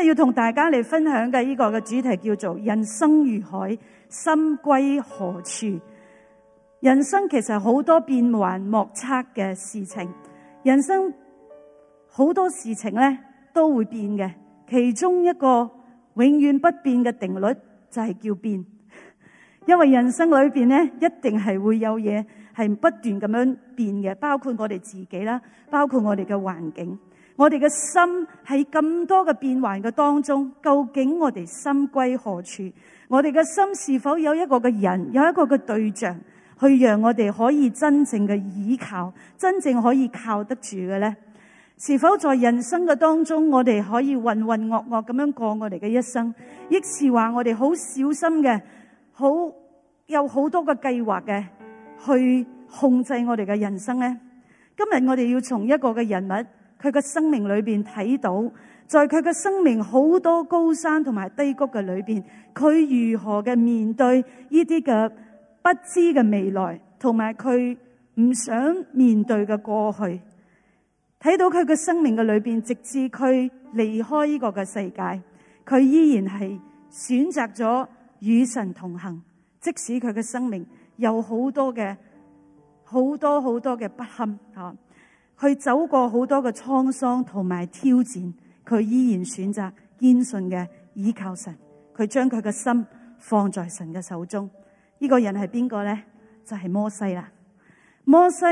即係要同大家嚟分享嘅呢個嘅主題叫做《人生如海，心歸何處》。人生其實好多變幻莫測嘅事情，人生好多事情咧都會變嘅。其中一個永遠不變嘅定律就係叫變，因為人生裏邊咧一定係會有嘢係不斷咁樣變嘅，包括我哋自己啦，包括我哋嘅環境。我哋嘅心喺咁多嘅變幻嘅當中，究竟我哋心歸何處？我哋嘅心是否有一個嘅人，有一個嘅對象，去讓我哋可以真正嘅倚靠，真正可以靠得住嘅咧？是否在人生嘅當中，我哋可以渾渾噩噩咁樣過我哋嘅一生，亦是話我哋好小心嘅，好有好多嘅計劃嘅，去控制我哋嘅人生咧？今日我哋要從一個嘅人物。佢嘅生命裏邊睇到，在佢嘅生命好多高山同埋低谷嘅裏邊，佢如何嘅面對呢啲嘅不知嘅未來，同埋佢唔想面對嘅過去，睇到佢嘅生命嘅裏邊，直至佢離開呢個嘅世界，佢依然係選擇咗與神同行，即使佢嘅生命有好多嘅好多好多嘅不堪。佢走過好多嘅滄桑同埋挑戰，佢依然選擇堅信嘅倚靠神，佢將佢嘅心放在神嘅手中。呢個人係邊個咧？就係摩西啦。摩西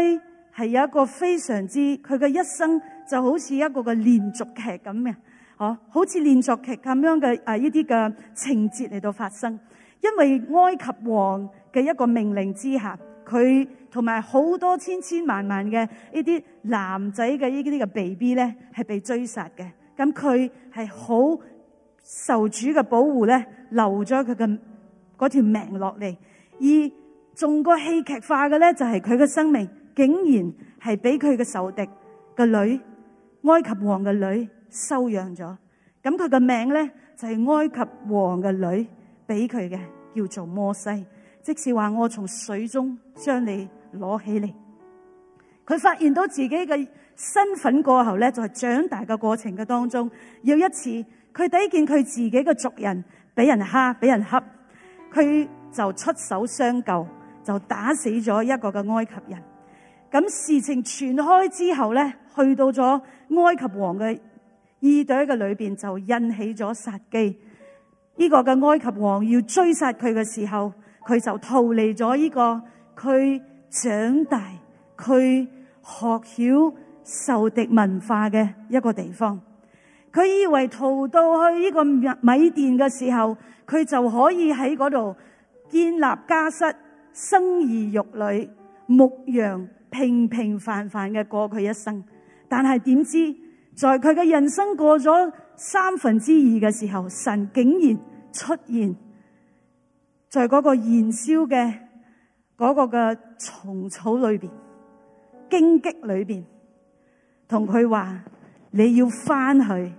係有一個非常之佢嘅一生就好似一個嘅連續劇咁嘅，哦，好似連續劇咁樣嘅啊，呢啲嘅情節嚟到發生。因為埃及王嘅一個命令之下，佢。同埋好多千千萬萬嘅呢啲男仔嘅呢啲嘅 B B 咧，係被追殺嘅。咁佢係好受主嘅保護咧，留咗佢嘅嗰條命落嚟。而仲個戲劇化嘅咧，就係佢嘅生命竟然係俾佢嘅仇敵嘅女，埃及王嘅女收養咗。咁佢嘅名咧就係埃及王嘅女俾佢嘅，叫做摩西。即使話我從水中將你。攞起嚟，佢發現到自己嘅身份過後呢，就係、是、長大嘅過程嘅當中，有一次佢睇見佢自己嘅族人俾人蝦俾人恰，佢就出手相救，就打死咗一個嘅埃及人。咁事情傳開之後呢，去到咗埃及王嘅耳朵嘅裏邊，就引起咗殺機。呢、這個嘅埃及王要追殺佢嘅時候，佢就逃離咗呢、這個佢。長大，佢學曉受敵文化嘅一個地方，佢以為逃到去呢個米甸嘅時候，佢就可以喺嗰度建立家室、生兒育女、牧羊，平平凡凡嘅過佢一生。但係點知，在佢嘅人生過咗三分之二嘅時候，神竟然出現在嗰個燃燒嘅。嗰個嘅叢草裏邊，荊棘裏邊，同佢話你要翻去，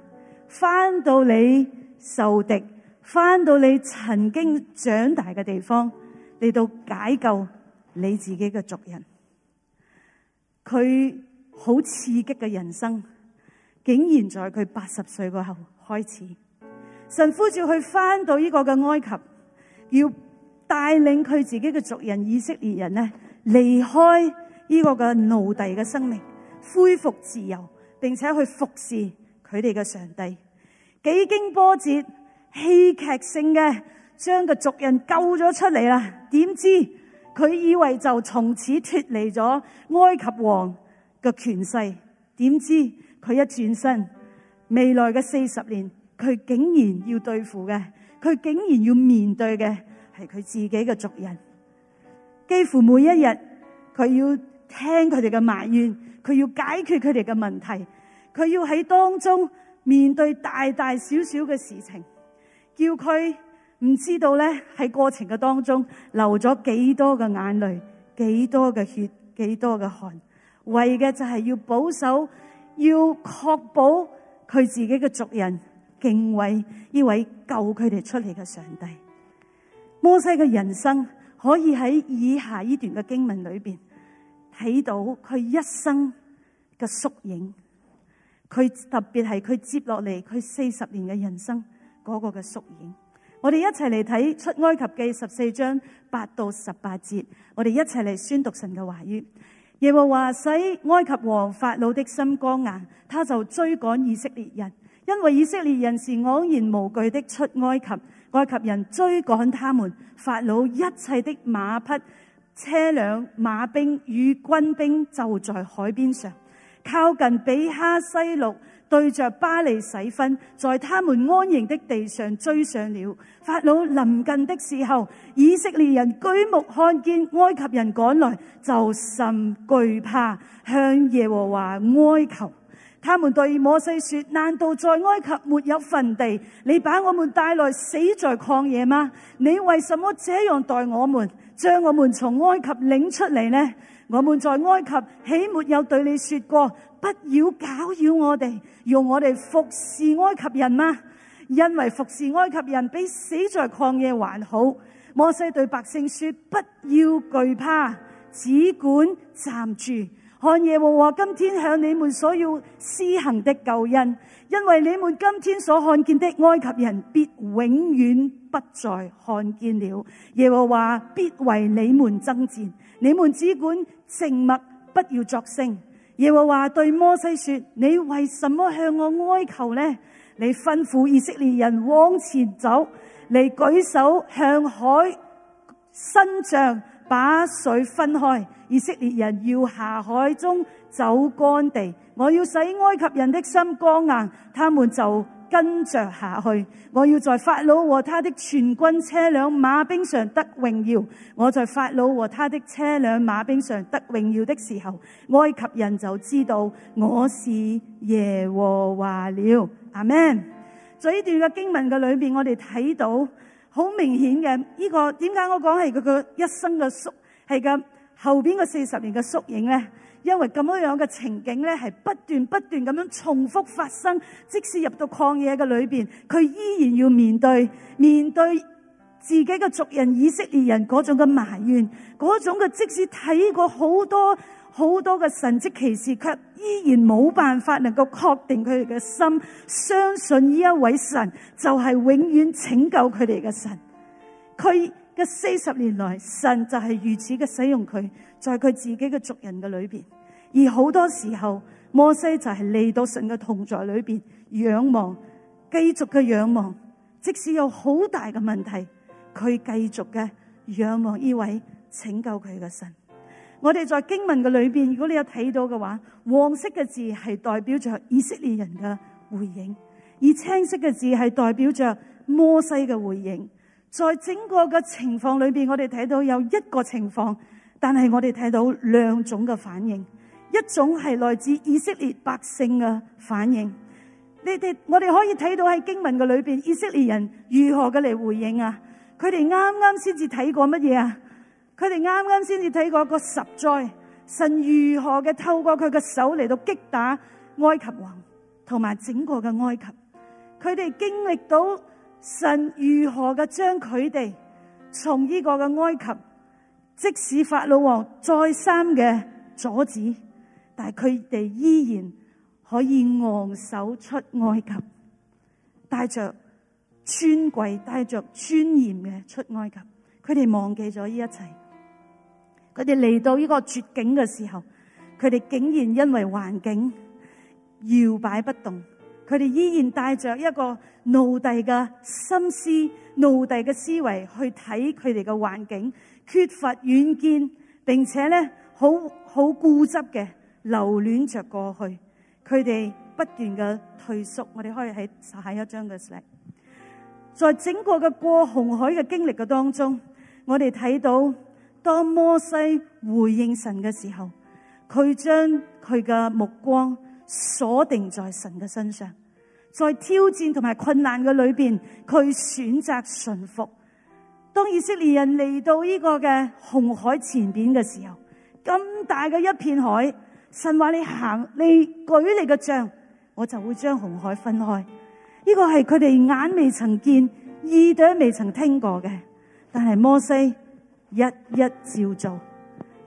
翻到你受敵，翻到你曾經長大嘅地方，嚟到解救你自己嘅族人。佢好刺激嘅人生，竟然在佢八十歲過後開始，神呼召佢翻到呢個嘅埃及，要。帶領佢自己嘅族人以色列人呢，離開呢個嘅奴隸嘅生命，恢復自由，並且去服侍佢哋嘅上帝。幾經波折，戲劇性嘅將個族人救咗出嚟啦。點知佢以為就從此脫離咗埃及王嘅權勢，點知佢一轉身，未來嘅四十年，佢竟然要對付嘅，佢竟然要面對嘅，係佢自己嘅族人，幾乎每一日，佢要聽佢哋嘅埋怨，佢要解決佢哋嘅問題，佢要喺當中面對大大小小嘅事情，叫佢唔知道咧喺過程嘅當中流咗幾多嘅眼淚、幾多嘅血、幾多嘅汗，為嘅就係要保守，要確保佢自己嘅族人，敬畏呢位救佢哋出嚟嘅上帝。摩西嘅人生可以喺以下呢段嘅經文裏邊睇到佢一生嘅縮影，佢特別係佢接落嚟佢四十年嘅人生嗰個嘅縮影。我哋一齊嚟睇出埃及記十四章八到十八節，我哋一齊嚟宣讀神嘅話語。耶和華使埃及王法老的心剛硬，他就追趕以色列人，因為以色列人是昂然無懼的出埃及。埃及人追趕他們，法老一切的馬匹、車輛、馬兵與軍兵就在海邊上，靠近比哈西錄，對着巴力洗分，在他們安營的地上追上了。法老臨近的時候，以色列人舉目看見埃及人趕來，就甚懼怕，向耶和華哀求。他們對摩西說：難道在埃及沒有墳地，你把我們帶來死在曠野嗎？你為什麼這樣待我們？將我們從埃及領出來呢？我們在埃及豈沒有對你說過，不要搞擾我哋，用我哋服侍埃及人嗎？因為服侍埃及人比死在曠野還好。摩西對百姓說：不要懼怕，只管站住。看耶和華今天向你們所要施行的救恩，因為你們今天所看見的埃及人必永遠不再看見了。耶和華必為你們爭戰，你們只管靜默，不要作聲。耶和華對摩西說：你為什麼向我哀求呢？你吩咐以色列人往前走，你舉手向海伸杖。把水分開，以色列人要下海中走乾地。我要使埃及人的心剛硬，他們就跟着下去。我要在法老和他的全軍車輛馬兵上得榮耀。我在法老和他的車輛馬兵上得榮耀的時候，埃及人就知道我是耶和華了。阿門。在呢段嘅經文嘅裏邊，我哋睇到。好明顯嘅，呢、這個點解我講係佢個一生嘅縮係咁後邊嘅四十年嘅縮影咧？因為咁樣樣嘅情景咧，係不斷不斷咁樣重複發生。即使入到曠野嘅裏邊，佢依然要面對面對自己嘅族人以色列人嗰種嘅埋怨，嗰種嘅即使睇過好多。好多嘅神蹟奇事，卻依然冇辦法能夠確定佢哋嘅心相信呢一位神就係永遠拯救佢哋嘅神。佢嘅四十年來，神就係如此嘅使用佢，在佢自己嘅族人嘅裏邊。而好多時候，摩西就係嚟到神嘅同在裏邊仰望，繼續嘅仰望，即使有好大嘅問題，佢繼續嘅仰望呢位拯救佢嘅神。我哋在經文嘅裏邊，如果你有睇到嘅話，黃色嘅字係代表着以色列人嘅回應，而青色嘅字係代表着摩西嘅回應。在整個嘅情況裏邊，我哋睇到有一個情況，但係我哋睇到兩種嘅反應，一種係來自以色列百姓嘅反應。你哋我哋可以睇到喺經文嘅裏邊，以色列人如何嘅嚟回應啊？佢哋啱啱先至睇過乜嘢啊？佢哋啱啱先至睇過個十災，神如何嘅透過佢嘅手嚟到擊打埃及王同埋整個嘅埃及。佢哋經歷到神如何嘅將佢哋從呢個嘅埃及，即使法老王再三嘅阻止，但係佢哋依然可以昂首出埃及，帶着尊貴、帶着尊嚴嘅出埃及。佢哋忘記咗呢一切。佢哋嚟到呢個絕境嘅時候，佢哋竟然因為環境搖擺不動，佢哋依然帶着一個奴隸嘅心思、奴隸嘅思維去睇佢哋嘅環境，缺乏遠見，並且咧好好固執嘅留戀着過去，佢哋不斷嘅退縮。我哋可以喺下一張嘅 slide，在整個嘅過紅海嘅經歷嘅當中，我哋睇到。當摩西回應神嘅時候，佢將佢嘅目光鎖定在神嘅身上，在挑戰同埋困難嘅裏邊，佢選擇順服。當以色列人嚟到呢個嘅紅海前邊嘅時候，咁大嘅一片海，神話你行，你舉你嘅杖，我就會將紅海分開。呢個係佢哋眼未曾見，耳朵未曾聽過嘅，但係摩西。一一照做，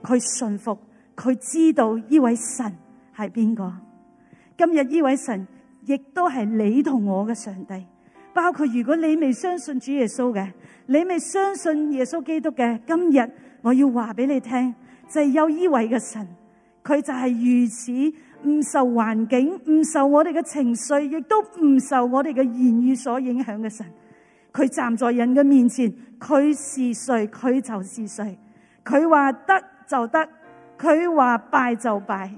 佢信服，佢知道呢位神係邊個。今日呢位神亦都係你同我嘅上帝。包括如果你未相信主耶穌嘅，你未相信耶穌基督嘅，今日我要話俾你聽，就係有呢位嘅神，佢就係如此唔受環境、唔受我哋嘅情緒，亦都唔受我哋嘅言語所影響嘅神。佢站在人嘅面前，佢是誰，佢就是誰。佢話得就得，佢話敗就敗。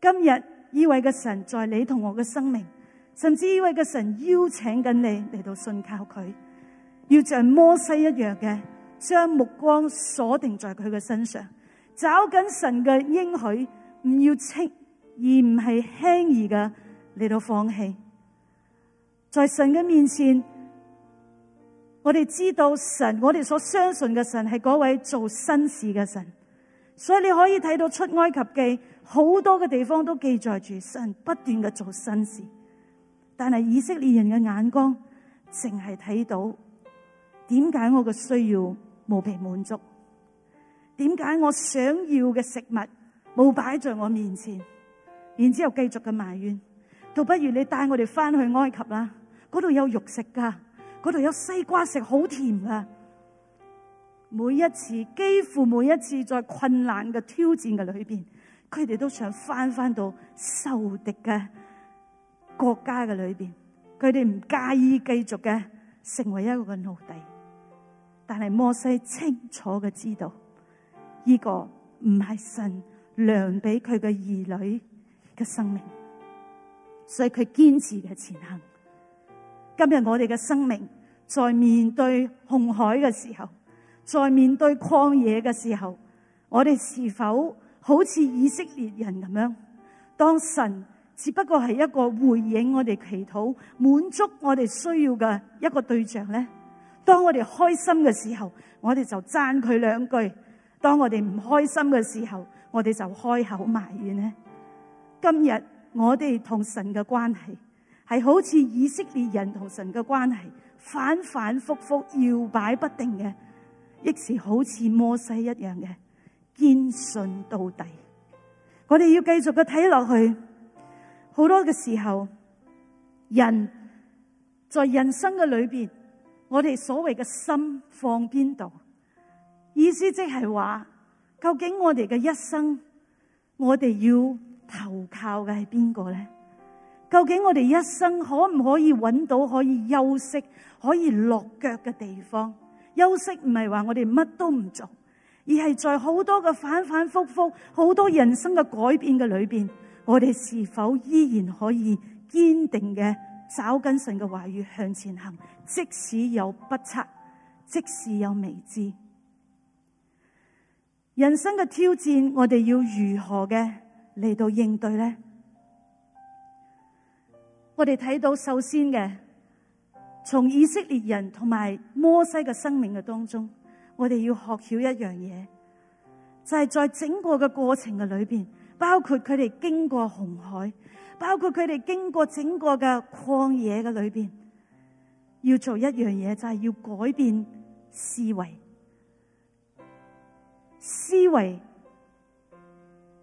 今日呢位嘅神在你同我嘅生命，甚至呢位嘅神邀請緊你嚟到信靠佢，要像摩西一樣嘅，將目光鎖定在佢嘅身上，找緊神嘅應許，唔要清，而唔係輕易嘅嚟到放棄，在神嘅面前。我哋知道神，我哋所相信嘅神係嗰位做新事嘅神，所以你可以睇到出埃及記好多嘅地方都記載住神不斷嘅做新事，但係以色列人嘅眼光，淨係睇到點解我嘅需要冇被滿足，點解我想要嘅食物冇擺在我面前，然之後繼續嘅埋怨，倒不如你帶我哋翻去埃及啦，嗰度有肉食噶。嗰度有西瓜食，好甜啊，每一次，幾乎每一次，在困難嘅挑戰嘅裏邊，佢哋都想翻翻到受敵嘅國家嘅裏邊，佢哋唔介意繼續嘅成為一個奴隸。但係摩西清楚嘅知道，呢個唔係神量俾佢嘅兒女嘅生命，所以佢堅持嘅前行。今日我哋嘅生命。在面對紅海嘅時候，在面對曠野嘅時候，我哋是否好似以色列人咁樣？當神只不過係一個回應我哋祈禱、滿足我哋需要嘅一個對象呢？當我哋開心嘅時候，我哋就讚佢兩句；當我哋唔開心嘅時候，我哋就開口埋怨呢。今日我哋同神嘅關係係好似以色列人同神嘅關係。反反复覆搖擺不定嘅，亦是好似摩西一樣嘅堅信到底。我哋要繼續嘅睇落去，好多嘅時候，人在人生嘅裏邊，我哋所謂嘅心放邊度？意思即係話，究竟我哋嘅一生，我哋要投靠嘅係邊個咧？究竟我哋一生可唔可以揾到可以休息、可以落腳嘅地方？休息唔係話我哋乜都唔做，而係在好多嘅反反复覆、好多人生嘅改變嘅裏邊，我哋是否依然可以堅定嘅找緊神嘅話語向前行？即使有不測，即使有未知，人生嘅挑戰，我哋要如何嘅嚟到應對呢？我哋睇到首先嘅，從以色列人同埋摩西嘅生命嘅當中，我哋要學曉一樣嘢，就係在整個嘅過程嘅裏邊，包括佢哋經過紅海，包括佢哋經過整個嘅曠野嘅裏邊，要做一樣嘢，就係要改變思維，思維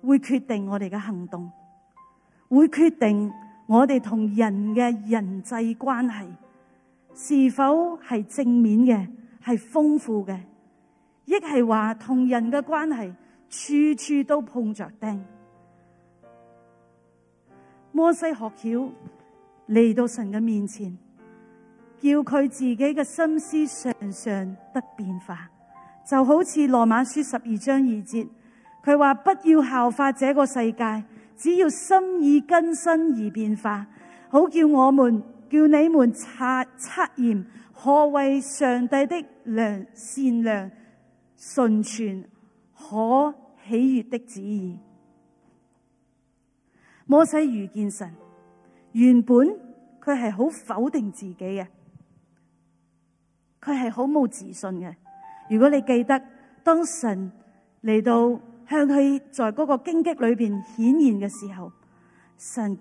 會決定我哋嘅行動，會決定。我哋同人嘅人際關係是否係正面嘅，係豐富嘅，亦係話同人嘅關係處處都碰着釘。摩西學曉嚟到神嘅面前，叫佢自己嘅心思常常得變化，就好似羅馬書十二章二節，佢話「不要效法這個世界。」只要心意更新而變化，好叫我們叫你們察察驗何為上帝的良善良、純全、可喜悦的旨意。摩西遇見神，原本佢係好否定自己嘅，佢係好冇自信嘅。如果你記得當神嚟到。向佢在嗰個荊棘裏邊顯現嘅時候，神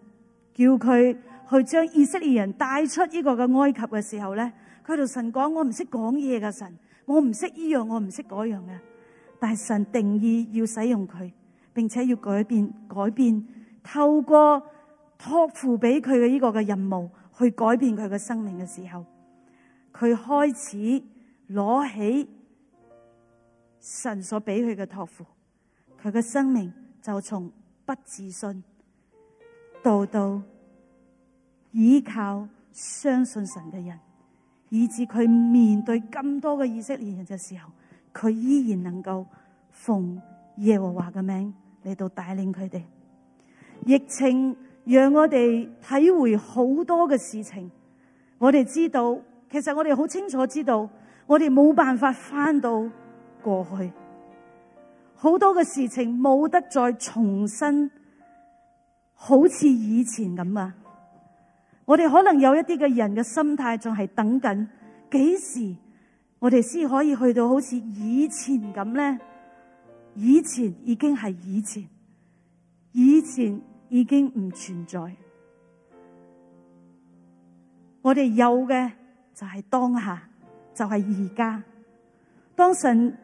叫佢去將以色列人帶出呢個嘅埃及嘅時候咧，佢同神講：我唔識講嘢嘅神，我唔識呢樣，我唔識嗰樣嘅。但係神定意要使用佢，並且要改變、改變透過託付俾佢嘅呢個嘅任務，去改變佢嘅生命嘅時候，佢開始攞起神所俾佢嘅託付。佢嘅生命就從不自信到到依靠相信神嘅人，以至佢面對咁多嘅以色列人嘅時候，佢依然能夠奉耶和華嘅名嚟到帶領佢哋。疫情讓我哋體會好多嘅事情，我哋知道，其實我哋好清楚知道，我哋冇辦法翻到過去。好多嘅事情冇得再重新，好似以前咁啊！我哋可能有一啲嘅人嘅心態仲係等緊，幾時我哋先可以去到好似以前咁咧？以前已經係以前，以前已經唔存在。我哋有嘅就係當下，就係而家，當神。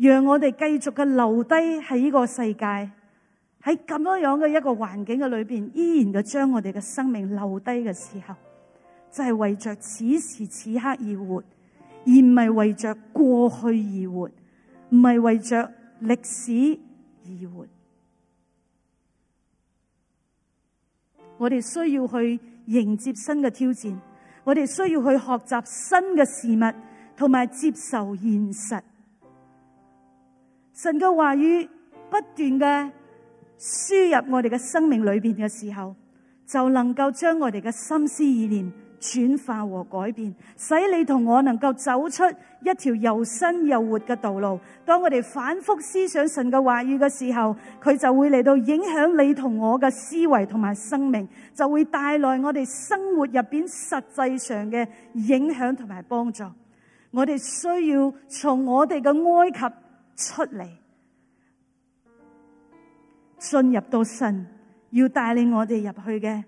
讓我哋繼續嘅留低喺呢個世界，喺咁樣樣嘅一個環境嘅裏邊，依然嘅將我哋嘅生命留低嘅時候，就係為着此時此刻而活，而唔係為着過去而活，唔係為着歷史而活。我哋需要去迎接新嘅挑戰，我哋需要去學習新嘅事物，同埋接受現實。神嘅話語不斷嘅輸入我哋嘅生命裏邊嘅時候，就能夠將我哋嘅心思意念轉化和改變，使你同我能夠走出一條又新又活嘅道路。當我哋反復思想神嘅話語嘅時候，佢就會嚟到影響你同我嘅思維同埋生命，就會帶來我哋生活入邊實際上嘅影響同埋幫助。我哋需要從我哋嘅埃及。出嚟，進入到神要帶領我哋入去嘅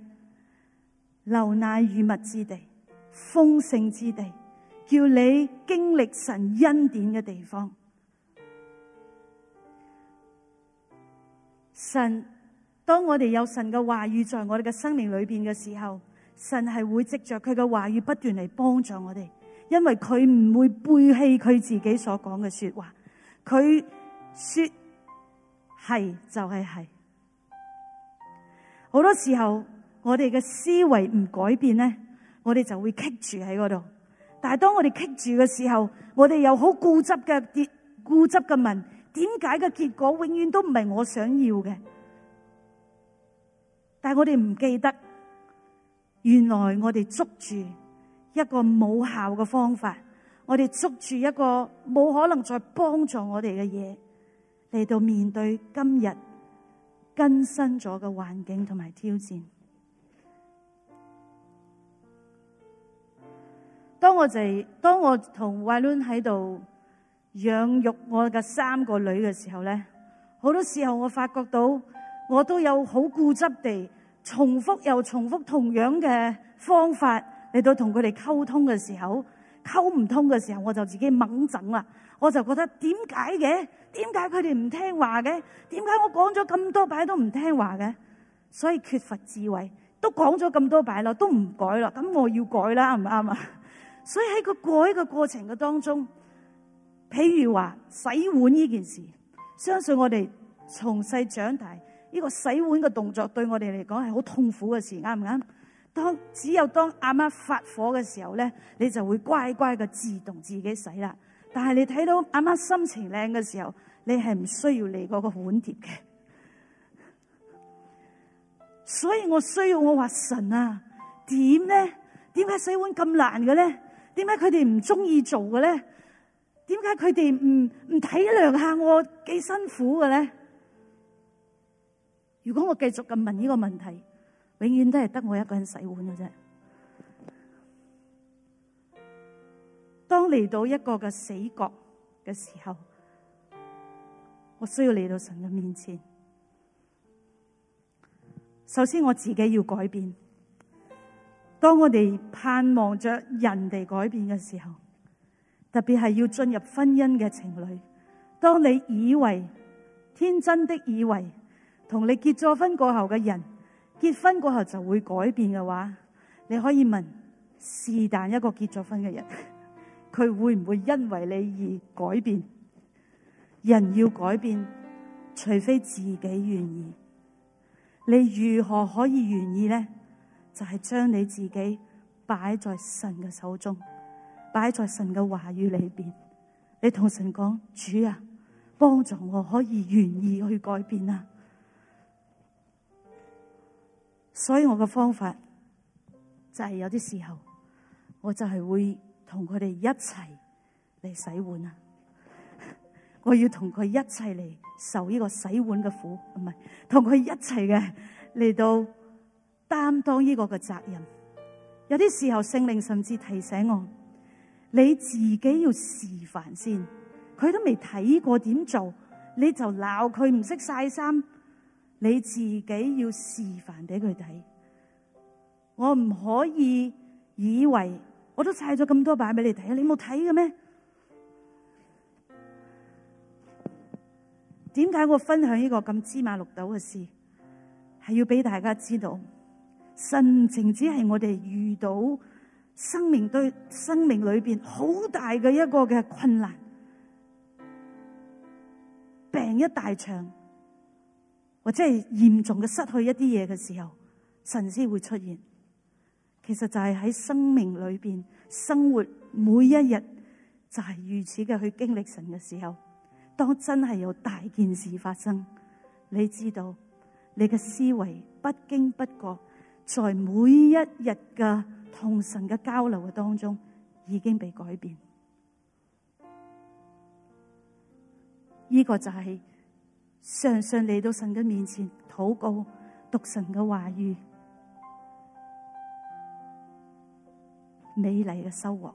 流奶與蜜之地，豐盛之地，叫你經歷神恩典嘅地方。神，當我哋有神嘅話語在我哋嘅生命裏邊嘅時候，神係會藉着佢嘅話語不斷嚟幫助我哋，因為佢唔會背棄佢自己所講嘅說的話。佢說係就係係，好多時候我哋嘅思維唔改變咧，我哋就會棘住喺嗰度。但係當我哋棘住嘅時候，我哋又好固執嘅，固執嘅問點解個結果永遠都唔係我想要嘅。但係我哋唔記得，原來我哋捉住一個冇效嘅方法。我哋捉住一個冇可能再幫助我哋嘅嘢，嚟到面對今日更新咗嘅環境同埋挑戰。當我哋當我同慧倫喺度養育我嘅三個女嘅時候咧，好多時候我發覺到我都有好固執地重複又重複同樣嘅方法嚟到同佢哋溝通嘅時候。溝唔通嘅時候，我就自己猛整啦！我就覺得點解嘅？點解佢哋唔聽話嘅？點解我講咗咁多擺都唔聽話嘅？所以缺乏智慧，都講咗咁多擺啦，都唔改啦，咁我要改啦，啱唔啱啊？所以喺個改嘅過程嘅當中，譬如話洗碗呢件事，相信我哋從細長大，呢個洗碗嘅動作對我哋嚟講係好痛苦嘅事，啱唔啱？當只有當阿媽，媽發火嘅時候咧，你就會乖乖嘅自動自己洗啦。但係你睇到阿媽，媽心情靚嘅時候，你係唔需要你嗰個碗碟嘅。所以我需要我話神啊，點咧？點解洗碗咁難嘅咧？點解佢哋唔中意做嘅咧？點解佢哋唔唔體諒下我幾辛苦嘅咧？如果我繼續咁問呢個問題？永遠都係得我一個人洗碗嘅啫。當嚟到一個嘅死角嘅時候，我需要嚟到神嘅面前。首先我自己要改變。當我哋盼望着人哋改變嘅時候，特別係要進入婚姻嘅情侶，當你以為天真的以為同你結咗婚過後嘅人。結婚過後就會改變嘅話，你可以問：是但一個結咗婚嘅人，佢會唔會因為你而改變？人要改變，除非自己願意。你如何可以願意呢？就係將你自己擺在神嘅手中，擺在神嘅話語裏邊。你同神講：主啊，幫助我可以願意去改變啊！所以我嘅方法就係有啲時候，我就係會同佢哋一齊嚟洗碗啊！我要同佢一齊嚟受呢個洗碗嘅苦，唔係同佢一齊嘅嚟到擔當呢個嘅責任。有啲時候聖靈甚至提醒我，你自己要示範先，佢都未睇過點做，你就鬧佢唔識曬衫。你自己要示範俾佢睇，我唔可以以為我都晒咗咁多版俾你睇，你冇睇嘅咩？點解我分享呢個咁芝麻綠豆嘅事，係要俾大家知道，神情只係我哋遇到生命對生命裏邊好大嘅一個嘅困難，病一大場。或者係嚴重嘅失去一啲嘢嘅時候，神先會出現。其實就係喺生命裏邊生活每一日，就係如此嘅去經歷神嘅時候。當真係有大件事發生，你知道你嘅思維不經不覺，在每一日嘅同神嘅交流嘅當中，已經被改變。呢個就係。常常嚟到神嘅面前禱告，讀神嘅話語，美麗嘅收穫。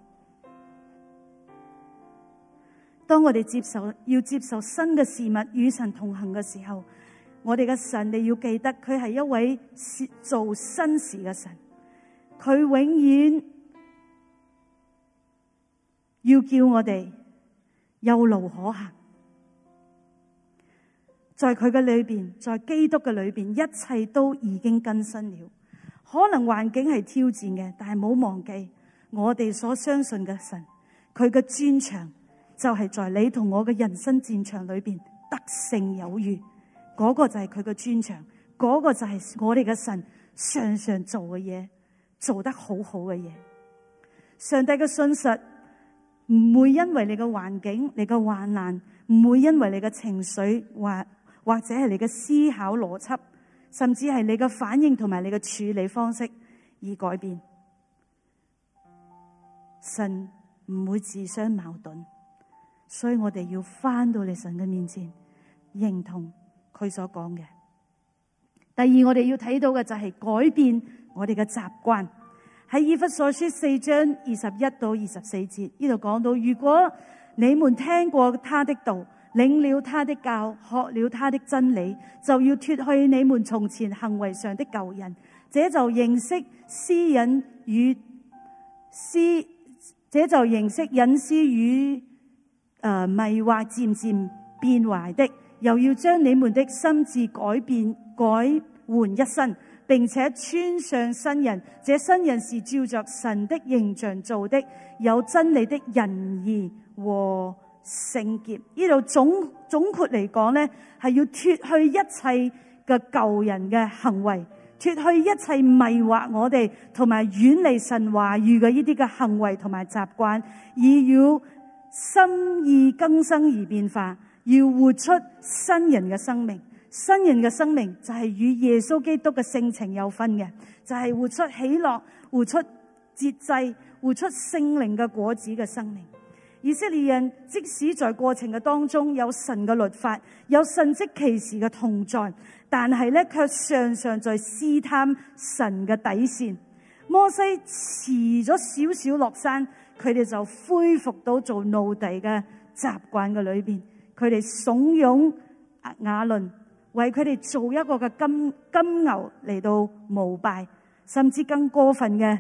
當我哋接受要接受新嘅事物，與神同行嘅時候，我哋嘅神，你要記得佢係一位做新事嘅神，佢永遠要叫我哋有路可行。在佢嘅裏邊，在基督嘅裏邊，一切都已經更新了。可能環境係挑戰嘅，但係冇忘記，我哋所相信嘅神，佢嘅專長就係在你同我嘅人生戰場裏邊得勝有餘。嗰個就係佢嘅專長，嗰個就係我哋嘅神常常做嘅嘢，做得好好嘅嘢。上帝嘅信實唔會因為你嘅環境、你嘅患難，唔會因為你嘅情緒或。或者係你嘅思考邏輯，甚至係你嘅反應同埋你嘅處理方式而改變。神唔會自相矛盾，所以我哋要翻到嚟神嘅面前，認同佢所講嘅。第二，我哋要睇到嘅就係改變我哋嘅習慣。喺以弗所書四章二十一到二十四節呢度講到，如果你們聽過他的道。領了他的教，學了他的真理，就要脱去你們從前行為上的舊人，這就認識私隱與私，這就認識隱私與誒、呃、迷惑，漸漸變壞的。又要將你們的心志改變改換一新，並且穿上新人，這新人是照着神的形象造的，有真理的仁義和。聖潔呢度總總括嚟講呢係要脱去一切嘅舊人嘅行為，脱去一切迷惑我哋同埋遠離神話語嘅呢啲嘅行為同埋習慣，而要心意更生而變化，要活出新人嘅生命。新人嘅生命就係與耶穌基督嘅性情有分嘅，就係、是、活出喜樂、活出節制、活出聖靈嘅果子嘅生命。以色列人即使在過程嘅當中有神嘅律法，有神蹟奇事嘅同在，但係咧卻常常在試探神嘅底線。摩西遲咗少少落山，佢哋就恢復到做奴隸嘅習慣嘅裏邊。佢哋慫恿亞倫為佢哋做一個嘅金金牛嚟到膜拜，甚至更過分嘅，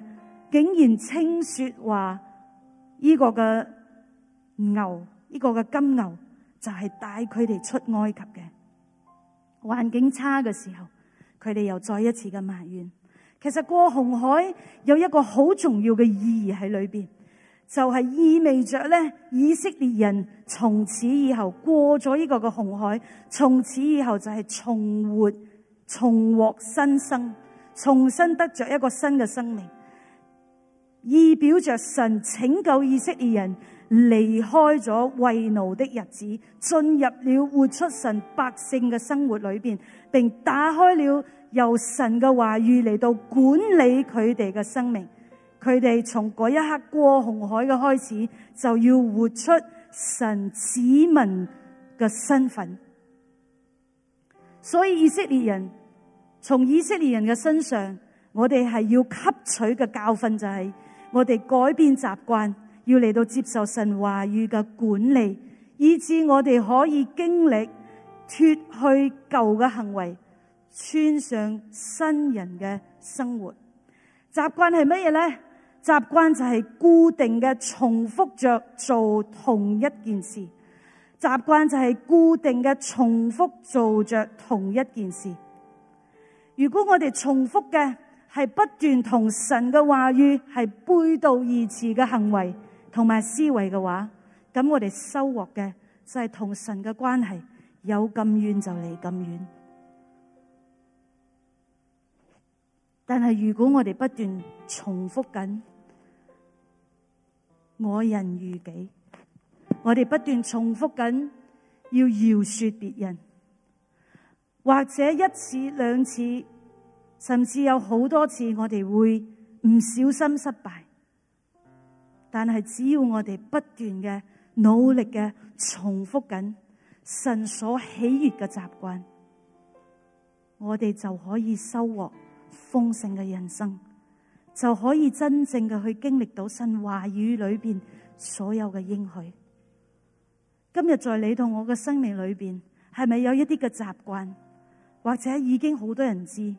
竟然清說話呢個嘅。牛呢、這個嘅金牛就係、是、帶佢哋出埃及嘅環境差嘅時候，佢哋又再一次嘅埋怨。其實過紅海有一個好重要嘅意義喺裏邊，就係、是、意味着呢以色列人從此以後過咗呢個嘅紅海，從此以後就係重活、重獲新生、重新得着一個新嘅生命，意表着神拯救以色列人。離開咗為奴的日子，進入了活出神百姓嘅生活裏邊，並打開了由神嘅話語嚟到管理佢哋嘅生命。佢哋從嗰一刻過紅海嘅開始，就要活出神子民嘅身份。所以以色列人，從以色列人嘅身上，我哋係要吸取嘅教訓就係、是、我哋改變習慣。要嚟到接受神話語嘅管理，以至我哋可以經歷脫去舊嘅行為，穿上新人嘅生活。習慣係乜嘢呢？習慣就係固定嘅重複着做同一件事。習慣就係固定嘅重複做着同一件事。如果我哋重複嘅係不斷同神嘅話語係背道而馳嘅行為。同埋思維嘅話，咁我哋收穫嘅就係同神嘅關係，有咁遠就離咁遠。但係如果我哋不斷重複緊我人如己，我哋不斷重複緊要饒恕別人，或者一次兩次，甚至有好多次，我哋會唔小心失敗。但係，只要我哋不斷嘅努力嘅重複緊神所喜悅嘅習慣，我哋就可以收穫豐盛嘅人生，就可以真正嘅去經歷到神話語裏邊所有嘅應許。今日在你同我嘅生命裏邊，係咪有一啲嘅習慣，或者已經好多人知，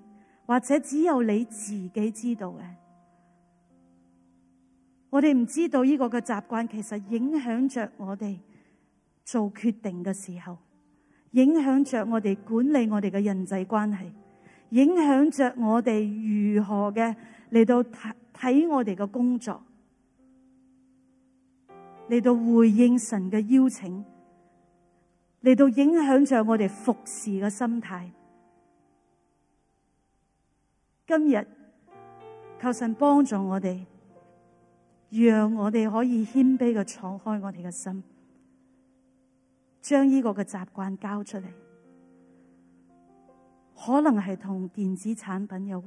或者只有你自己知道嘅？我哋唔知道呢個嘅習慣，其實影響着我哋做決定嘅時候，影響着我哋管理我哋嘅人際關係，影響着我哋如何嘅嚟到睇睇我哋嘅工作，嚟到回應神嘅邀請，嚟到影響着我哋服侍嘅心態今天。今日求神幫助我哋。讓我哋可以謙卑嘅敞開我哋嘅心，將呢個嘅習慣交出嚟，可能係同電子產品有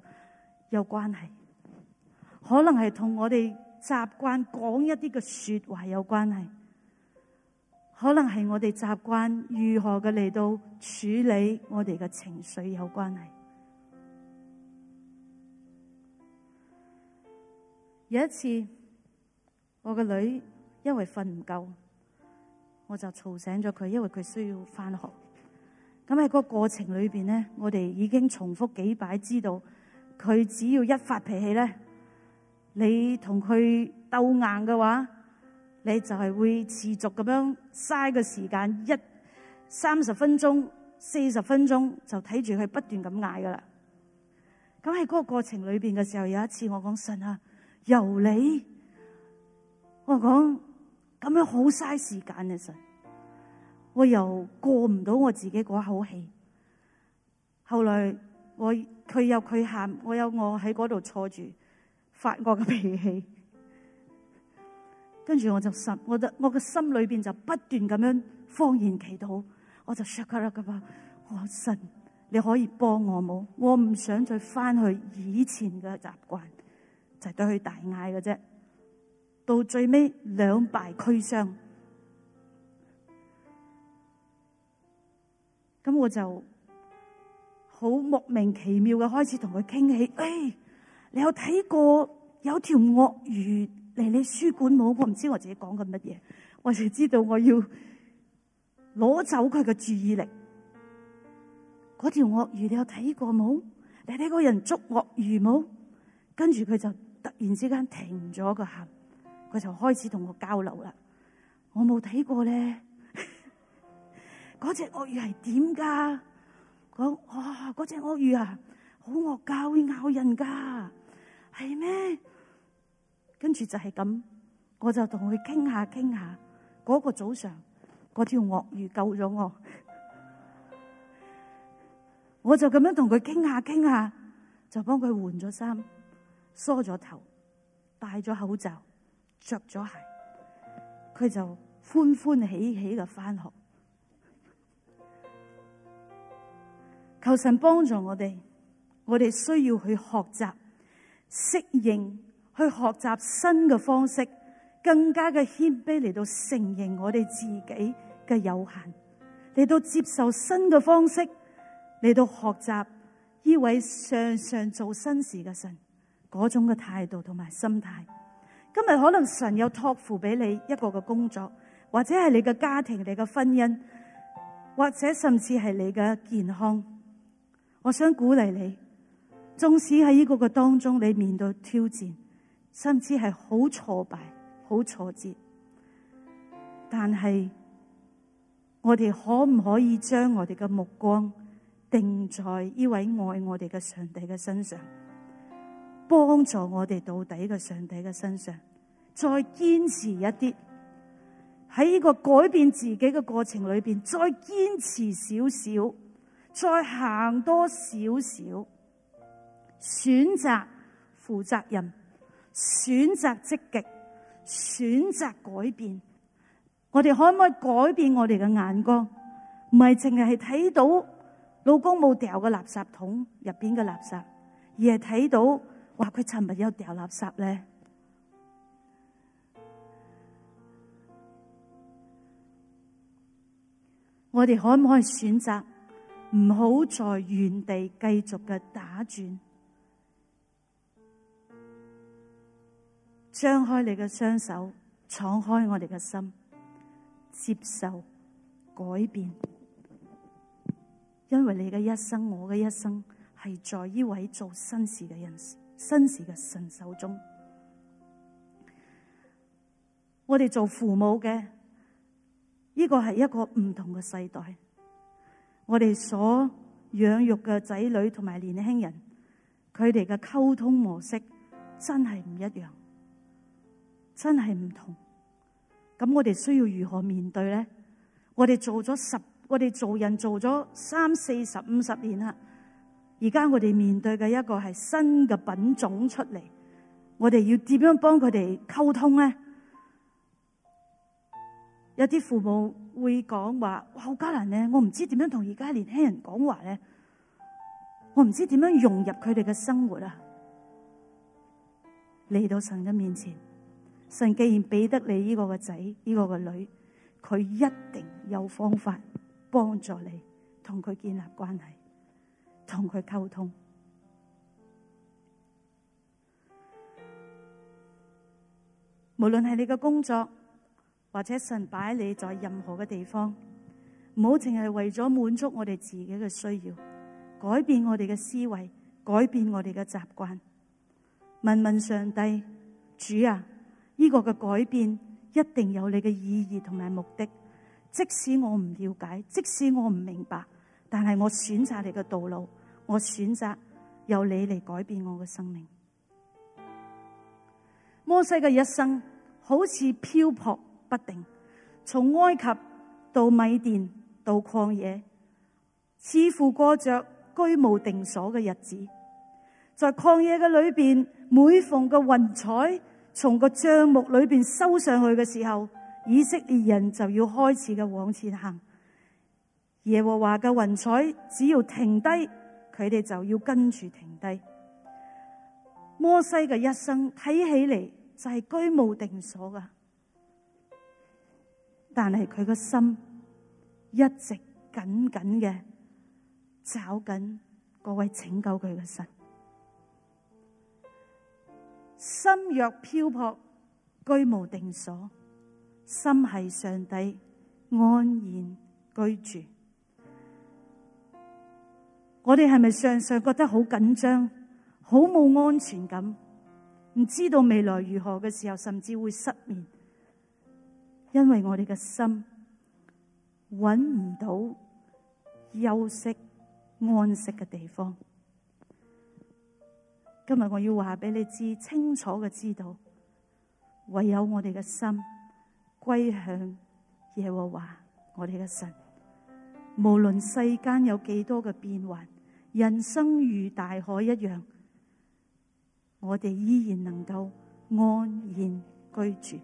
有關係，可能係同我哋習慣講一啲嘅說話有關係，可能係我哋習慣如何嘅嚟到處理我哋嘅情緒有關係。有一次。我個女因為瞓唔夠，我就嘈醒咗佢，因為佢需要翻學。咁喺個過程裏邊咧，我哋已經重複幾百次知道，佢只要一發脾氣咧，你同佢鬥硬嘅話，你就係會持續咁樣嘥個時間一三十分鐘、四十分鐘，就睇住佢不斷咁嗌噶啦。咁喺嗰個過程裏邊嘅時候，有一次我講，神啊，由你。我講咁樣好嘥時間嘅，實我又過唔到我自己嗰口氣。後來我佢有佢喊，我有我喺嗰度坐住發我嘅脾氣。跟住我就心，我就我嘅心裏邊就不斷咁樣方言祈禱。我就 s h 說啦，咁話：我神，你可以幫我冇？我唔想再翻去以前嘅習慣，就係、對佢大嗌嘅啫。到最尾兩敗俱傷，咁我就好莫名其妙嘅開始同佢傾起。誒，你有睇過有條鱷魚嚟你書館冇？我唔知我自己講緊乜嘢，我只知道我要攞走佢嘅注意力。嗰條鱷魚你有睇過冇？你睇過人捉鱷魚冇？跟住佢就突然之間停咗個喊。佢就開始同我交流啦。我冇睇過咧，嗰 隻鱷魚係點噶？講哇，嗰、哦、隻鱷魚啊，好惡噶，會咬人噶，係咩？跟住就係咁，我就同佢傾下傾下。嗰、嗰個早上，嗰條鱷魚救咗我， 我就咁樣同佢傾下傾下，就幫佢換咗衫、梳咗頭、戴咗口罩。着咗鞋，佢就歡歡喜喜嘅返學。求神幫助我哋，我哋需要去學習適應，去學習新嘅方式，更加嘅謙卑嚟到承認我哋自己嘅有限，嚟到接受新嘅方式，嚟到學習呢位常常做新事嘅神嗰種嘅態度同埋心態。今日可能神有託付俾你一個嘅工作，或者係你嘅家庭、你嘅婚姻，或者甚至係你嘅健康。我想鼓勵你，縱使喺呢個嘅當中你面對挑戰，甚至係好挫敗、好挫折，但係我哋可唔可以將我哋嘅目光定在呢位愛我哋嘅上帝嘅身上？幫助我哋到底嘅上帝嘅身上，再堅持一啲，喺呢個改變自己嘅過程裏邊，再堅持少少，再行多少少，選擇負責任，選擇積極，選擇改變。我哋可唔可以改變我哋嘅眼光？唔係淨係係睇到老公冇掉嘅垃圾桶入邊嘅垃圾，而係睇到。話佢尋日有掉垃圾咧，我哋可唔可以選擇唔好在原地繼續嘅打轉？張開你嘅雙手，敞開我哋嘅心，接受改變，因為你嘅一生，我嘅一生係在呢位做新事嘅人士。新時嘅神手中，我哋做父母嘅，呢個係一個唔同嘅世代。我哋所養育嘅仔女同埋年輕人，佢哋嘅溝通模式真係唔一樣，真係唔同。咁我哋需要如何面對呢？我哋做咗十，我哋做人做咗三四十五十年啦。而家我哋面對嘅一個係新嘅品種出嚟，我哋要點樣幫佢哋溝通咧？有啲父母會講話，哇，好艱難咧！我唔知點樣同而家年輕人講話咧，我唔知點樣融入佢哋嘅生活啊！嚟到神嘅面前，神既然俾得你呢個嘅仔、呢個嘅女，佢一定有方法幫助你同佢建立關係。同佢溝通，無論係你嘅工作或者神擺你在任何嘅地方，唔好淨係為咗滿足我哋自己嘅需要，改變我哋嘅思維，改變我哋嘅習慣。問問上帝、主啊，呢個嘅改變一定有你嘅意義同埋目的，即使我唔了解，即使我唔明白，但係我選擇你嘅道路。我選擇由你嚟改變我嘅生命。摩西嘅一生好似漂泊不定，從埃及到米甸到曠野，似乎過着居無定所嘅日子。在曠野嘅裏邊，每逢嘅雲彩從個帳幕裏邊收上去嘅時候，以色列人就要開始嘅往前行。耶和華嘅雲彩只要停低。佢哋就要跟住停低。摩西嘅一生睇起嚟就係居無定所㗎，但係佢嘅心一直緊緊嘅找緊各位拯救佢嘅神。心若漂泊，居無定所；心係上帝，安然居住。我哋係咪常常覺得好緊張、好冇安全感，唔知道未來如何嘅時候，甚至會失眠，因為我哋嘅心揾唔到休息安息嘅地方。今日我要話俾你知，清楚嘅知道，唯有我哋嘅心歸向耶和華，我哋嘅神。無論世間有幾多嘅變幻，人生如大海一樣，我哋依然能夠安然居住，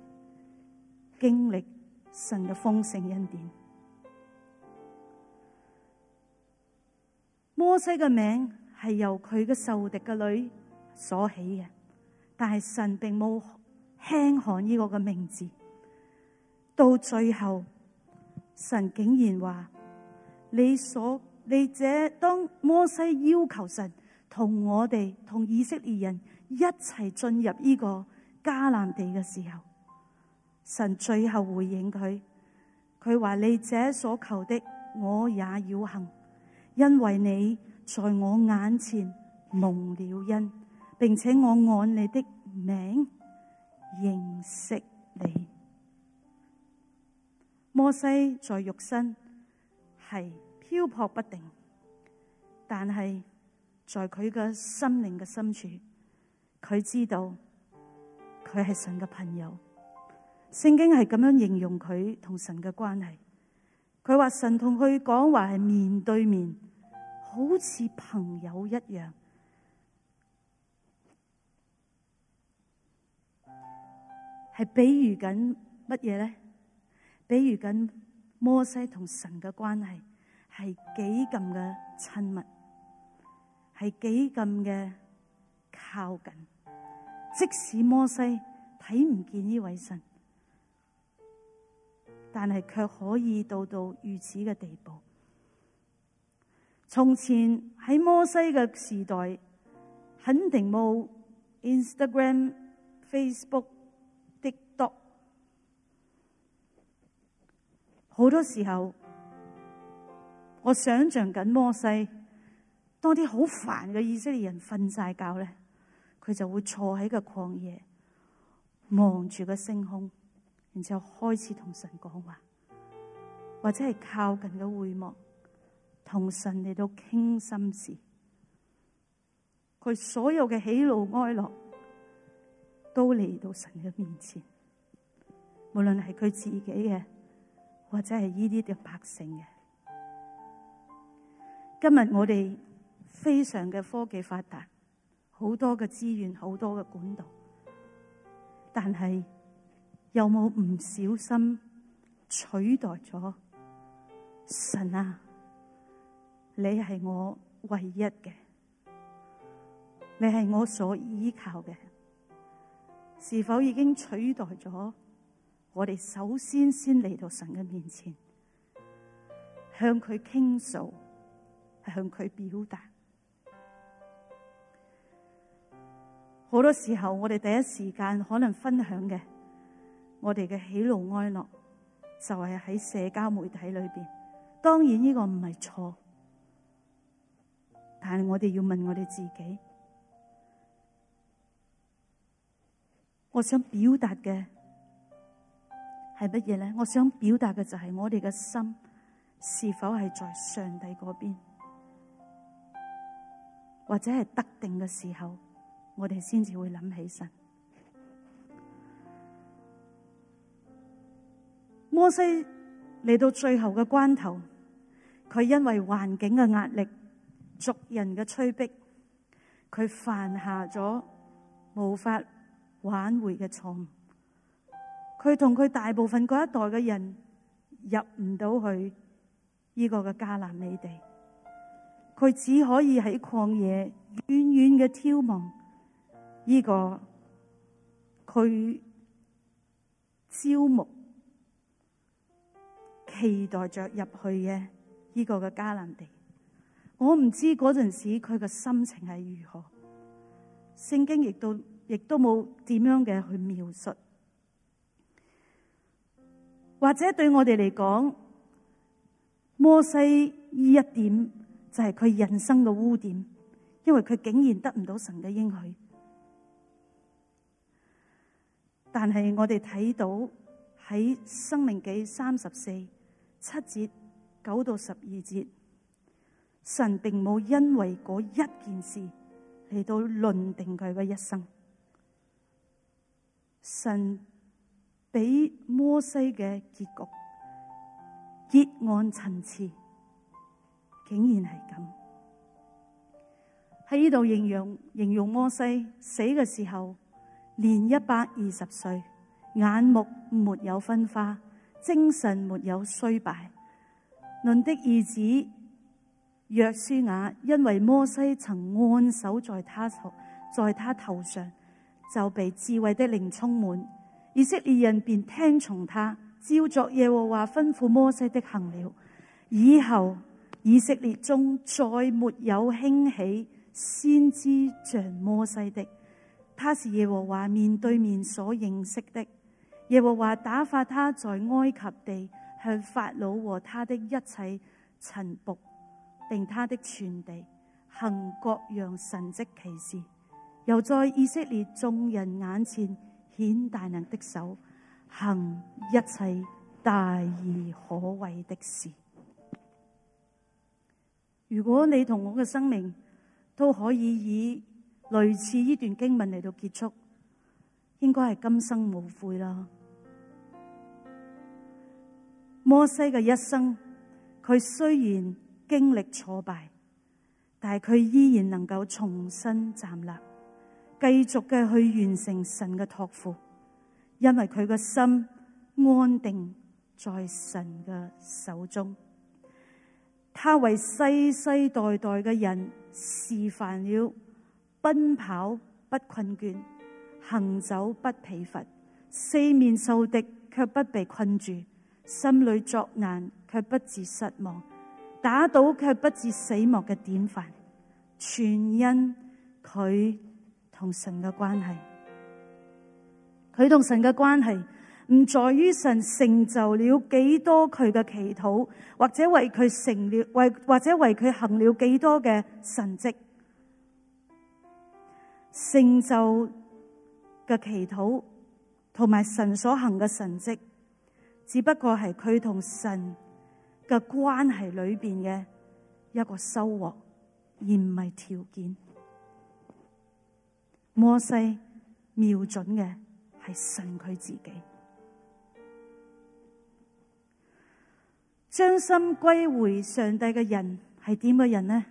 經歷神嘅豐盛恩典。摩西嘅名係由佢嘅受敵嘅女所起嘅，但係神並冇輕看呢個嘅名字，到最後神竟然話。你所你這當摩西要求神同我哋同以色列人一齊進入呢個迦南地嘅時候，神最後回應佢，佢話，你這所求的我也要行，因為你在我眼前蒙了恩，並且我按你的名認識你。摩西在肉身係。漂泊不定，但係在佢嘅心靈嘅深處，佢知道佢係神嘅朋友。聖經係咁樣形容佢同神嘅關係。佢話神同佢講話係面對面，好似朋友一樣，係比喻緊乜嘢呢？比喻緊摩西同神嘅關係。係幾咁嘅親密，係幾咁嘅靠近。即使摩西睇唔見呢位神，但係卻可以到到如此嘅地步。從前喺摩西嘅時代，肯定冇 Instagram、Facebook TikTok，好多時候。我想象緊摩西，當啲好煩嘅以色列人瞓晒覺咧，佢就會坐喺個曠野，望住個星空，然之後開始同神講話，或者係靠近嘅會幕，同神嚟到傾心事。佢所有嘅喜怒哀樂，都嚟到神嘅面前，無論係佢自己嘅，或者係呢啲嘅百姓嘅。今日我哋非常嘅科技發達，好多嘅資源，好多嘅管道，但係有冇唔小心取代咗神啊？你係我唯一嘅，你係我所依靠嘅，是否已經取代咗？我哋首先先嚟到神嘅面前，向佢傾訴。係向佢表達，好多時候我哋第一時間可能分享嘅，我哋嘅喜怒哀樂就係喺社交媒體裏邊。當然呢個唔係錯，但係我哋要問我哋自己，我想表達嘅係乜嘢咧？我想表達嘅就係我哋嘅心是否係在上帝嗰邊。或者係特定嘅時候，我哋先至會諗起身。摩西嚟到最後嘅關頭，佢因為環境嘅壓力、族人嘅催逼，佢犯下咗無法挽回嘅錯誤。佢同佢大部分嗰一代嘅人入唔到去呢個嘅迦南美地。佢只可以喺曠野遠遠嘅眺望呢個佢朝目期待着入去嘅呢個嘅迦南地。我唔知嗰陣時佢嘅心情係如何，聖經亦都亦都冇點樣嘅去描述，或者對我哋嚟講，摩西依一點。就係佢人生嘅污點，因為佢竟然得唔到神嘅應許。但係我哋睇到喺《申命記》三十四七節九到十二節，神並冇因為嗰一件事嚟到論定佢嘅一生。神俾摩西嘅結局，結案陳詞。竟然係咁喺呢度形容，形容摩西死嘅時候，年一百二十歲，眼目沒有昏花，精神沒有衰敗。論的兒子約書亞，因為摩西曾按手在他頭，在他頭上，就被智慧的靈充滿，以色列人便聽從他，照作耶和華吩咐摩西的行了。以後。以色列中再沒有興起先知像摩西的，他是耶和華面對面所認識的。耶和華打發他在埃及地向法老和他的一切臣僕，並他的全地行各樣神跡奇事，又在以色列眾人眼前顯大能的手，行一切大而可畏的事。如果你同我嘅生命都可以以類似呢段經文嚟到結束，應該係今生無悔啦。摩西嘅一生，佢雖然經歷挫敗，但係佢依然能夠重新站立，繼續嘅去完成神嘅託付，因為佢嘅心安定在神嘅手中。他為世世代代嘅人示範了奔跑不困倦，行走不疲乏，四面受敵卻不被困住，心裏作難卻不致失望，打倒卻不致死亡嘅典範，全因佢同神嘅關係。佢同神嘅關係。唔在於神成就了幾多佢嘅祈禱，或者為佢成了為或者為佢行了幾多嘅神蹟，成就嘅祈禱同埋神所行嘅神蹟，只不過係佢同神嘅關係裏邊嘅一個收穫，而唔係條件。摩西瞄準嘅係神佢自己。將心歸回上帝嘅人係點嘅人呢？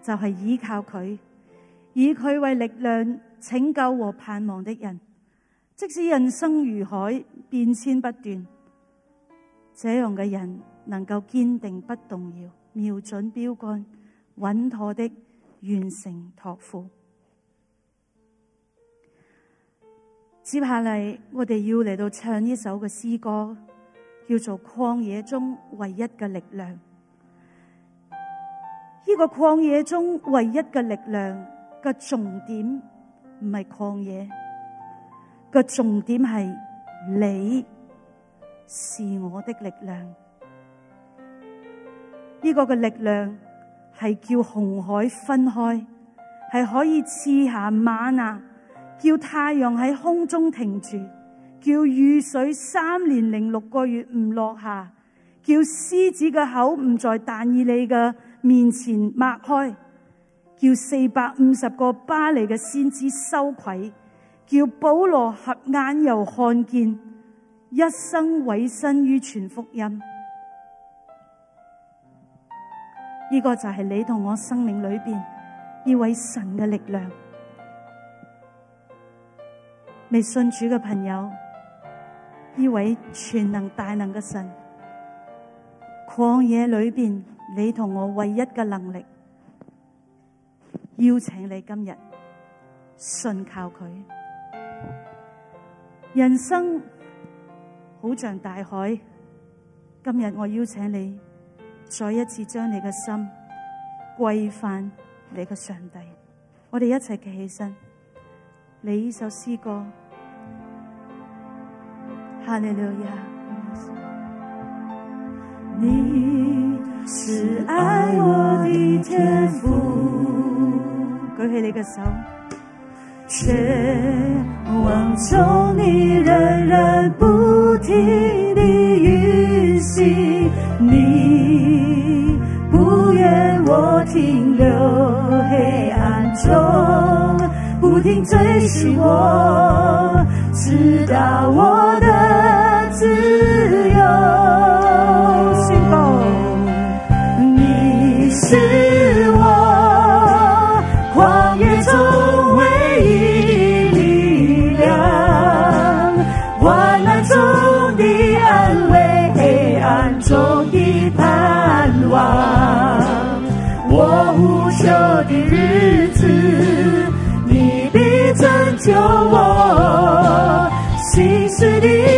就係、是、依靠佢，以佢為力量，拯救和盼望的人。即使人生如海，變遷不斷，這樣嘅人能夠堅定不動搖，瞄準標杆，穩妥的完成託付。接下嚟，我哋要嚟到唱呢首嘅詩歌。叫做曠野中唯一嘅力量，呢、這個曠野中唯一嘅力量嘅重點唔係曠野，嘅重點係你是我的力量。呢、這個嘅力量係叫紅海分開，係可以賜下嗎哪，叫太陽喺空中停住。叫雨水三年零六個月唔落下，叫獅子嘅口唔在但以理嘅面前擘開，叫四百五十個巴力嘅先知羞愧，叫保羅合眼又看見一生委身於全福音。呢、這個就係你同我生命裏邊呢位神嘅力量。未信主嘅朋友。呢位全能大能嘅神，曠野裏邊，你同我唯一嘅能力，邀請你今日信靠佢。人生好像大海，今日我邀請你再一次將你嘅心歸返你嘅上帝。我哋一齊企起身，你呢首詩歌。哈利路亞，Hallelujah. 你是愛我的天賦。舉起你個手，絕望中你仍然不停地運行，你不願我停留黑暗中，不停追尋我，直到我的。自由，信奉你是我曠野中唯一力量，萬難中的安慰，黑暗中的盼望。我無休的日子，你必拯救我。心是你的。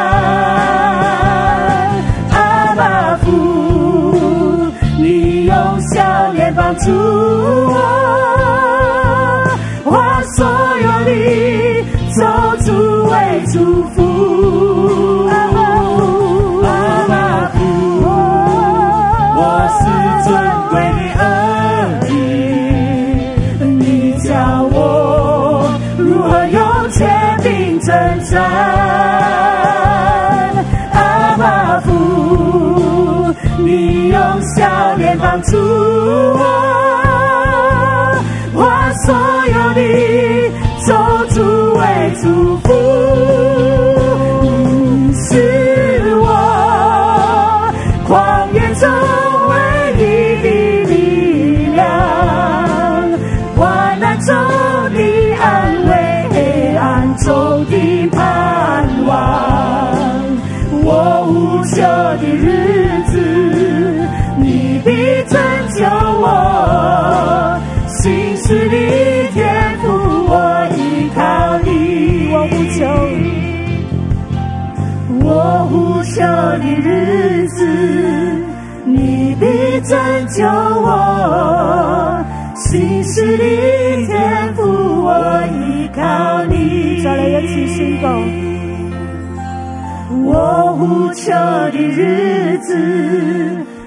不求的日子，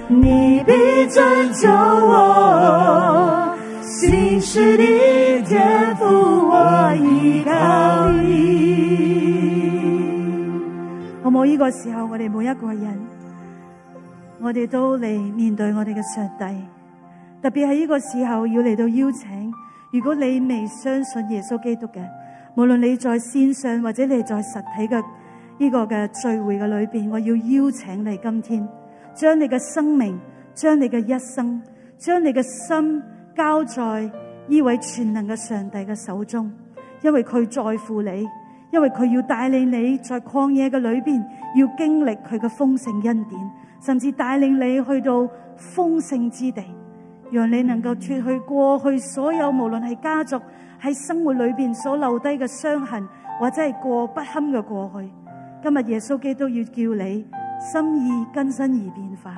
你必拯救我，心事的天賦我依靠你。好冇呢個時候，我哋每一個人，我哋都嚟面對我哋嘅上帝，特別喺呢個時候要嚟到邀請。如果你未相信耶穌基督嘅，無論你在綫上或者你在實體嘅。呢個嘅聚會嘅裏邊，我要邀請你，今天將你嘅生命、將你嘅一生、將你嘅心交在呢位全能嘅上帝嘅手中，因為佢在乎你，因為佢要帶領你在曠野嘅裏邊，要經歷佢嘅豐盛恩典，甚至帶領你去到豐盛之地，讓你能夠脫去過去所有無論係家族喺生活裏邊所留低嘅傷痕，或者係過不堪嘅過去。今日耶穌基督要叫你心意更新而變化，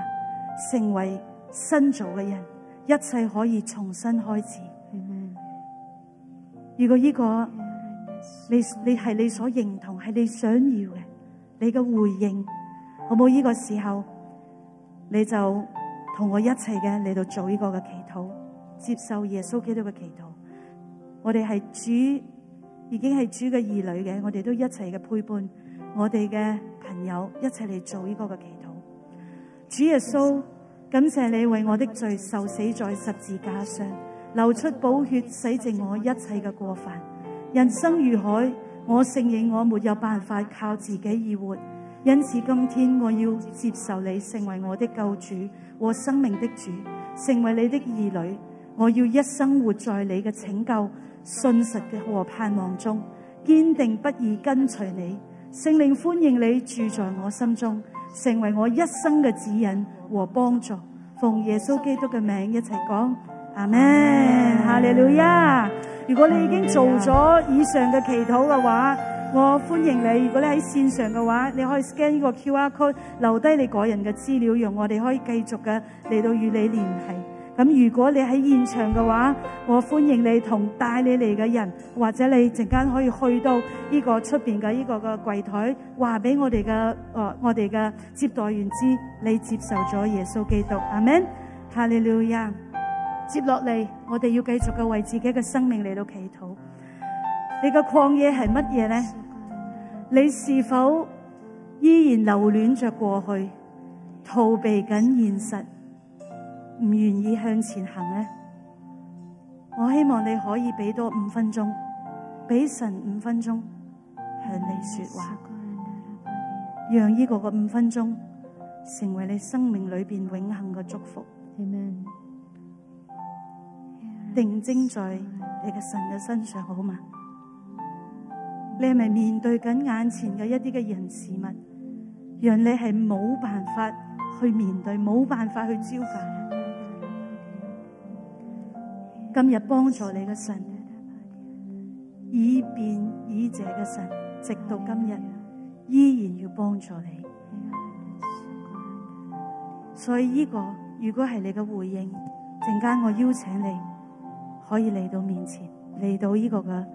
成為新造嘅人，一切可以重新開始。如果呢個你你係你所認同，係你想要嘅，你嘅回應好冇？呢個時候你就同我一齊嘅嚟到做呢個嘅祈禱，接受耶穌基督嘅祈禱。我哋係主已經係主嘅兒女嘅，我哋都一齊嘅陪伴。我哋嘅朋友一齊嚟做呢個嘅祈禱。主耶穌，感謝你為我的罪受死在十字架上，流出寶血洗淨我一切嘅過犯。人生如海，我承認我沒有辦法靠自己而活，因此今天我要接受你成為我的救主和生命的主，成為你的兒女。我要一生活在你嘅拯救、信實嘅和盼望中，堅定不移跟隨你。聖靈，歡迎你住在我心中，成為我一生嘅指引和幫助。奉耶穌基督嘅名一起說，一齊講阿門，下嚟了呀！利利，如果你已經做咗以上嘅祈禱嘅話，我歡迎你。如果你喺線上嘅話，你可以 scan 呢個 QR code，留低你個人嘅資料，讓我哋可以繼續嘅嚟到與你聯繫。咁如果你喺現場嘅話，我歡迎你同帶你嚟嘅人，或者你陣間可以去到呢個出邊嘅呢個嘅櫃台，話俾我哋嘅，誒我哋嘅接待員知你接受咗耶穌基督，阿門。哈利路亞。接落嚟，我哋要繼續嘅為自己嘅生命嚟到祈禱。你嘅曠野係乜嘢咧？你是否依然留戀着過去，逃避緊現實？唔願意向前行呢？我希望你可以俾多五分鐘，俾神五分鐘向你說話，讓呢個五分鐘成為你生命裏邊永恆嘅祝福。Amen. 定睛在你嘅神嘅身上，好嘛？你係咪面對緊眼前嘅一啲嘅人事物，讓你係冇辦法去面對，冇辦法去招架？今日幫助你嘅神，以便以者嘅神，直到今日依然要幫助你。所以呢個，如果係你嘅回應，陣間我邀請你可以嚟到面前，嚟到呢個嘅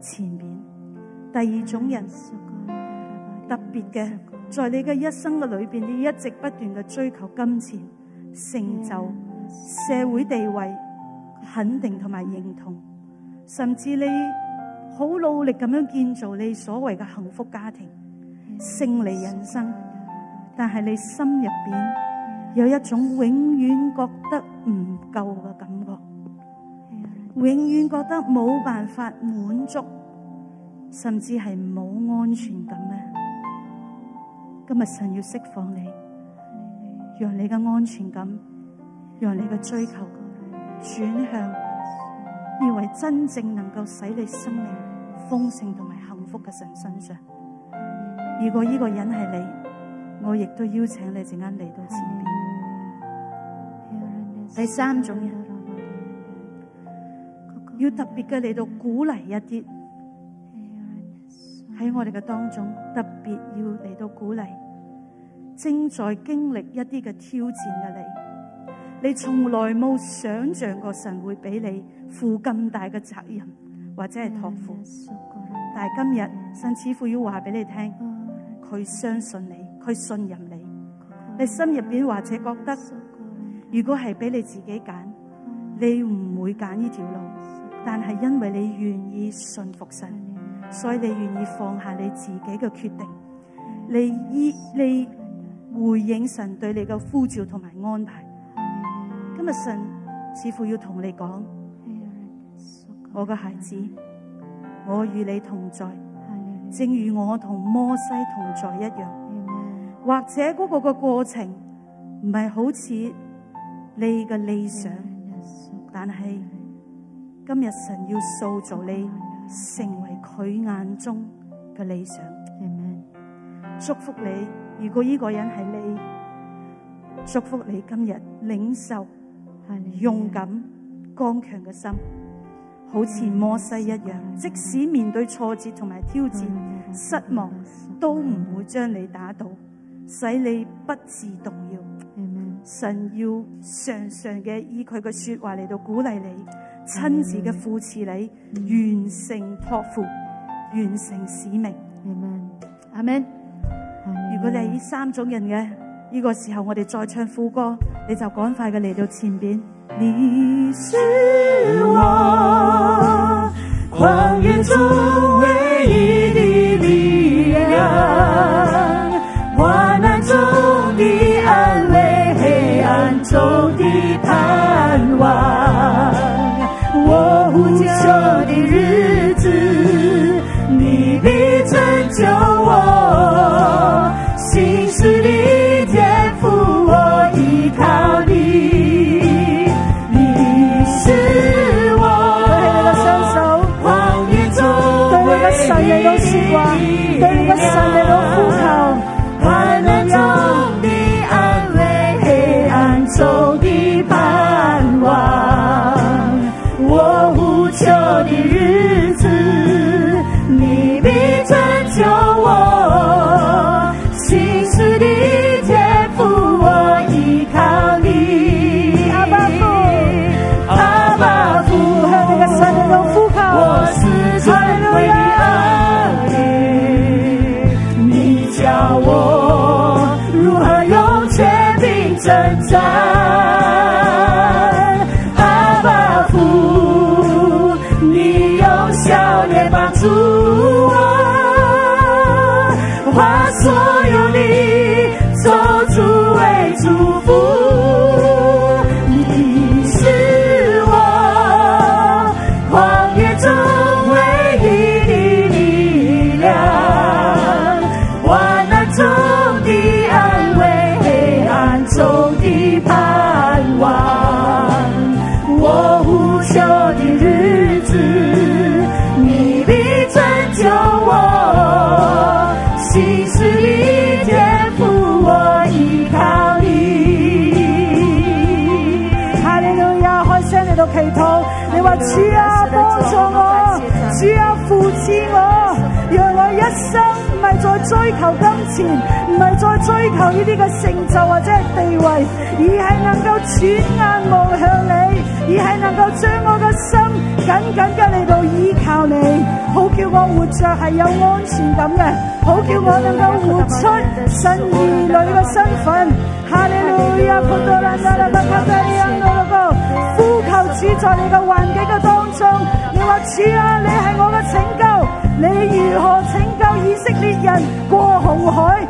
前面。第二種人特別嘅，在你嘅一生嘅裏邊，你一直不斷嘅追求金錢、成就、社會地位。肯定同埋認同，甚至你好努力咁樣建造你所謂嘅幸福家庭、勝利人生，但係你心入邊有一種永遠覺得唔夠嘅感覺，永遠覺得冇辦法滿足，甚至係冇安全感咧。今日神要釋放你，讓你嘅安全感，讓你嘅追求。轉向以為真正能夠使你生命豐盛同埋幸福嘅神身上。如果呢個人係你，我亦都邀請你陣間嚟到前邊。第三種人要特別嘅嚟到鼓勵一啲，喺我哋嘅當中特別要嚟到鼓勵正在經歷一啲嘅挑戰嘅你。你從來冇想象過神會俾你負咁大嘅責任或者係託付，但係今日神似乎要話俾你聽，佢相信你，佢信任你。你心入邊或者覺得，如果係俾你自己揀，你唔會揀呢條路，但係因為你願意順服神，所以你願意放下你自己嘅決定，你依你回應神對你嘅呼召同埋安排。今日神似乎要同你講，我嘅孩子，我與你同在，正如我同摩西同在一樣。或者嗰個嘅過程唔係好似你嘅理想，但係今日神要塑造你成為佢眼中嘅理想。祝福你，如果呢個人係你，祝福你今日領受。勇敢、剛強嘅心，好似摩西一樣，即使面對挫折同埋挑戰、失望，都唔會將你打倒，使你不自動搖。神要常常嘅以佢嘅說話嚟到鼓勵你，親自嘅扶持你，嗯、完成託付，完成使命。阿門。如果你係呢三種人嘅。呢個時候，我哋再唱副歌，你就趕快嘅嚟到前邊。你是我曠野中唯一的力量。靠呢啲嘅成就或者地位，而係能夠轉眼望向你，而係能夠將我個心緊緊嘅嚟到依靠你，好叫我活着係有安全感嘅，好叫我能夠活出神兒女嘅身份。哈利路亞，普度蘭達達卡西利亞，我呼求主在你嘅環境嘅當中，你話主啊，你係我嘅拯救，你如何拯救以色列人過紅海？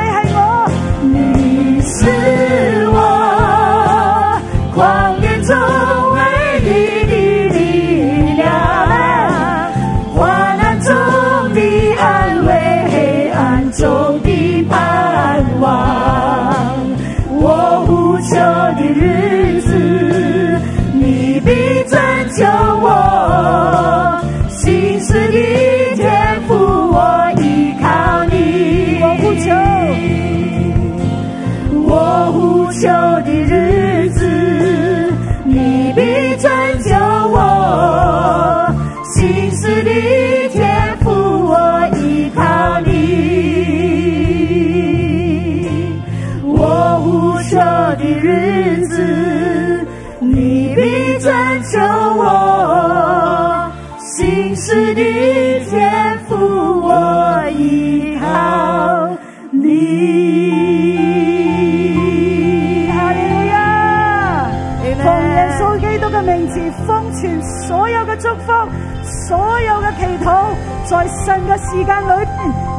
神嘅時間裏，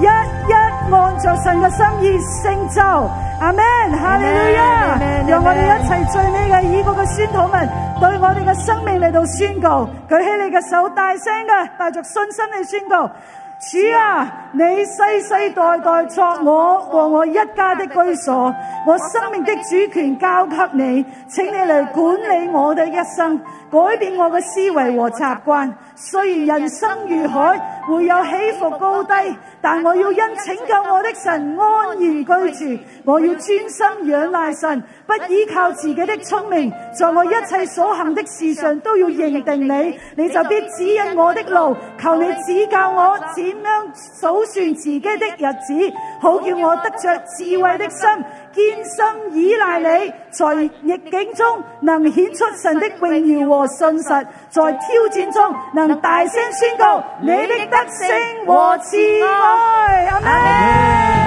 一一按著神嘅心意成就，阿門！哈利路亞！讓我哋一齊在你嘅以朵嘅宣討問，對我哋嘅生命嚟到宣告，舉起你嘅手，大聲嘅，帶着信心嚟宣告，主啊！你世世代代作我和我一家的居所，我生命的主權交給你，請你嚟管理我的一生，改變我嘅思維和習慣。雖然人生如海，會有起伏高低，但我要因拯救我的神安然居住。我要專心仰賴神，不依靠自己的聰明。在我一切所行的事上都要認定你，你就必指引我的路。求你指教我點樣數算自己的日子，好叫我得着智慧的心，堅心依賴你，在逆境中能顯出神的榮耀和信實，在挑戰中能大聲宣告你的得勝和慈愛，Amen。